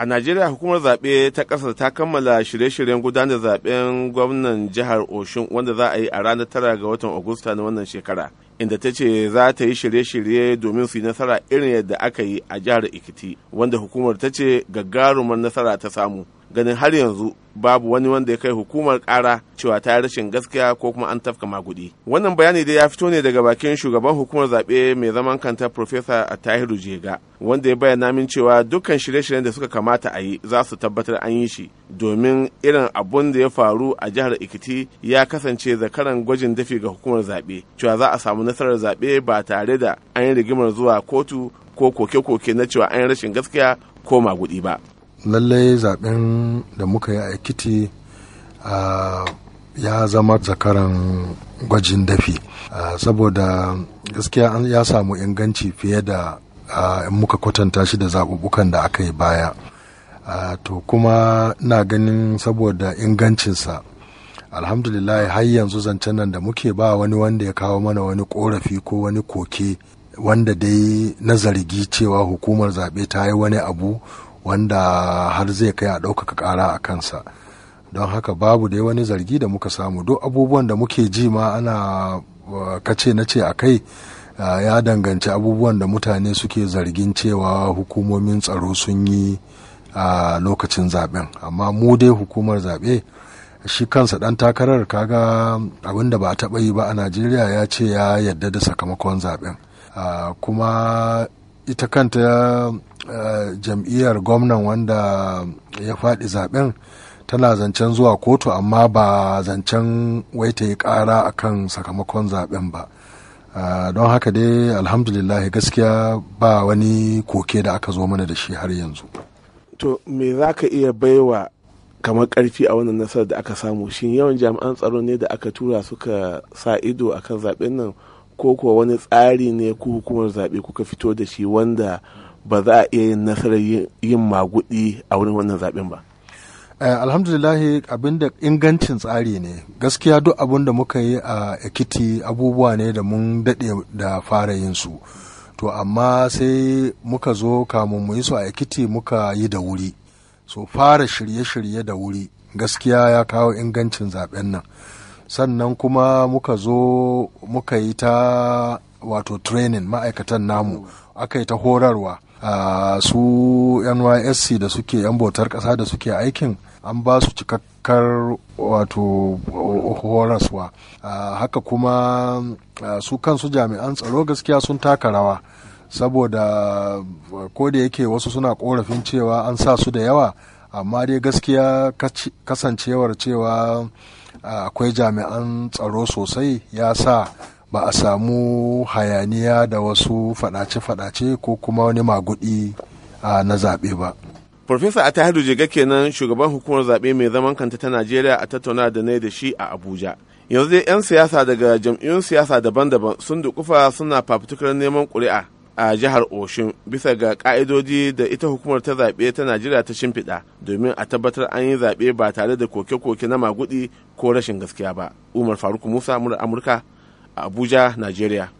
A Najeriya hukumar zaɓe ta ƙasar ta kammala shirye-shiryen gudanar zaɓen gwamnan jihar Oshun wanda za a yi a ranar tara ga watan Agusta na wannan shekara, inda ta ce za ta yi shirye-shirye domin su yi nasara irin yadda aka yi a jihar Ikiti, wanda hukumar ta ce gagarumar nasara ta samu. ganin har yanzu babu wani wanda ya kai hukumar kara cewa ta yi rashin gaskiya ko kuma an tafka magudi wannan bayani dai ya fito ne daga bakin shugaban hukumar zaɓe mai zaman kanta profesa tahiru jega wanda ya bayyana min cewa dukkan shirye-shiryen da suka kamata a yi za su tabbatar an yi shi domin irin abun da ya faru a jihar ikiti ya kasance zakaran gwajin dafi ga hukumar zaɓe cewa za a samu nasarar zaɓe ba tare da an yi rigimar zuwa kotu ko koke-koke na cewa an yi rashin gaskiya ko magudi ba lallai zaben da muka yi a ekiti ya zama zakaran gwajin dafi saboda gaskiya ya samu inganci fiye da in muka kwatanta shi da zaɓuɓɓukan da aka yi baya to kuma na ganin saboda ingancinsa alhamdulillah har yanzu zancen nan da muke ba wani wanda ya kawo mana wani korafi ko wani koke wanda dai na zargi cewa hukumar zaɓe ta yi wani abu wanda har zai kai a ɗaukaka ƙara a kansa don haka babu dai wani zargi da muka samu duk abubuwan da muke ji ma ana kace na ce a kai ya danganci abubuwan da mutane suke zargin cewa hukumomin tsaro sun yi a lokacin zaben amma mu dai hukumar zaɓe shi kansa ɗan takarar kaga abin da ba a taɓa yi ba a najeriya ya ce ya yadda da sakamakon zaɓen kuma ita kanta eh, jam'iyyar gwamnan wanda ya faɗi zaben tana zancen zuwa kotu amma ba zancen wai ta yi ƙara kan sakamakon zaben ba eh, don haka dai alhamdulillah gaskiya ba wani koke da aka zo mana da shi har yanzu to me za ka iya baiwa kamar karfi a wannan nasarar da aka samu shin yawan jami'an tsaro ne da aka tura suka sa ido akan zaben nan ko kuwa wani tsari ne ku hukumar zaɓe kuka fito da shi wanda ba za a iya yin nasarar yin magudi a wurin wannan zaɓen ba eh, alhamdulillah da ingancin tsari ne gaskiya duk abin da muka yi a ekiti abubuwa ne da mun daɗe da fara yin su to amma sai muka zo kamun mu yi su a ekiti muka yi da wuri so fara shirye-shirye da wuri gaskiya ya kawo ingancin zaɓen nan sannan kuma muka zo muka yi ta wato training ma'aikatan namu aka yi ta horarwa su nysc da suke yan bautar ƙasa da suke aikin an ba su cikakkar wato horaswa haka kuma su kansu jami'an tsaro gaskiya sun taka rawa saboda ko da yake wasu suna korafin cewa an sa su da yawa amma dai gaskiya kasancewar cewa Ah, akwai jami'an tsaro sosai ya sa ba a samu hayaniya da wasu fadace-fadace ko kuma wani magudi ah, na zaɓe ba. Profesa Atahiru Jega kenan shugaban hukumar zaɓe mai zaman kanta ta Najeriya a tattauna da na da shi a Abuja. Yanzu dai 'yan siyasa daga jam'iyyun siyasa daban-daban sun dukufa suna fafutukar neman ƙuri'a a jihar Oshin, bisa ga ka'idoji da ita hukumar ta zaɓe ta Najeriya ta shimfiɗa domin a tabbatar an yi zaɓe ba tare da koke-koke na magudi ko rashin gaskiya ba. Umar Faruk Musa, Amurka, Abuja, Najeriya.